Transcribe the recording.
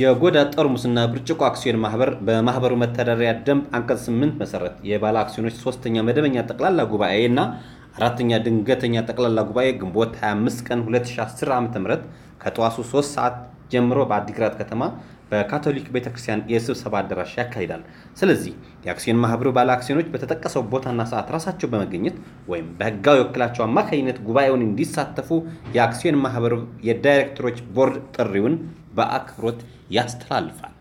የጎዳ ጠርሙስና ብርጭቆ አክሲዮን ማህበር በማህበሩ መተዳደሪያ ደንብ አንቀጽ 8 መሰረት የባለ አክሲዮኖች ሶስተኛ መደበኛ ጠቅላላ ጉባኤ እና አራተኛ ድንገተኛ ጠቅላላ ጉባኤ ግንቦት 25 ቀን 2010 ዓ.ም ከጠዋቱ 3 ሰዓት ጀምሮ በአዲግራት ከተማ በካቶሊክ ቤተክርስቲያን የስብሰባ አዳራሽ ያካሂዳል። ስለዚህ የአክሲዮን ማህበሩ ባለ አክሲዮኖች በተጠቀሰው ቦታና ሰዓት ራሳቸው በመገኘት ወይም በህጋዊ ወክላቸው አማካኝነት ጉባኤውን እንዲሳተፉ የአክሲዮን ማህበሩ የዳይሬክተሮች ቦርድ ጥሪውን በአክብሮት ያስተላልፋል።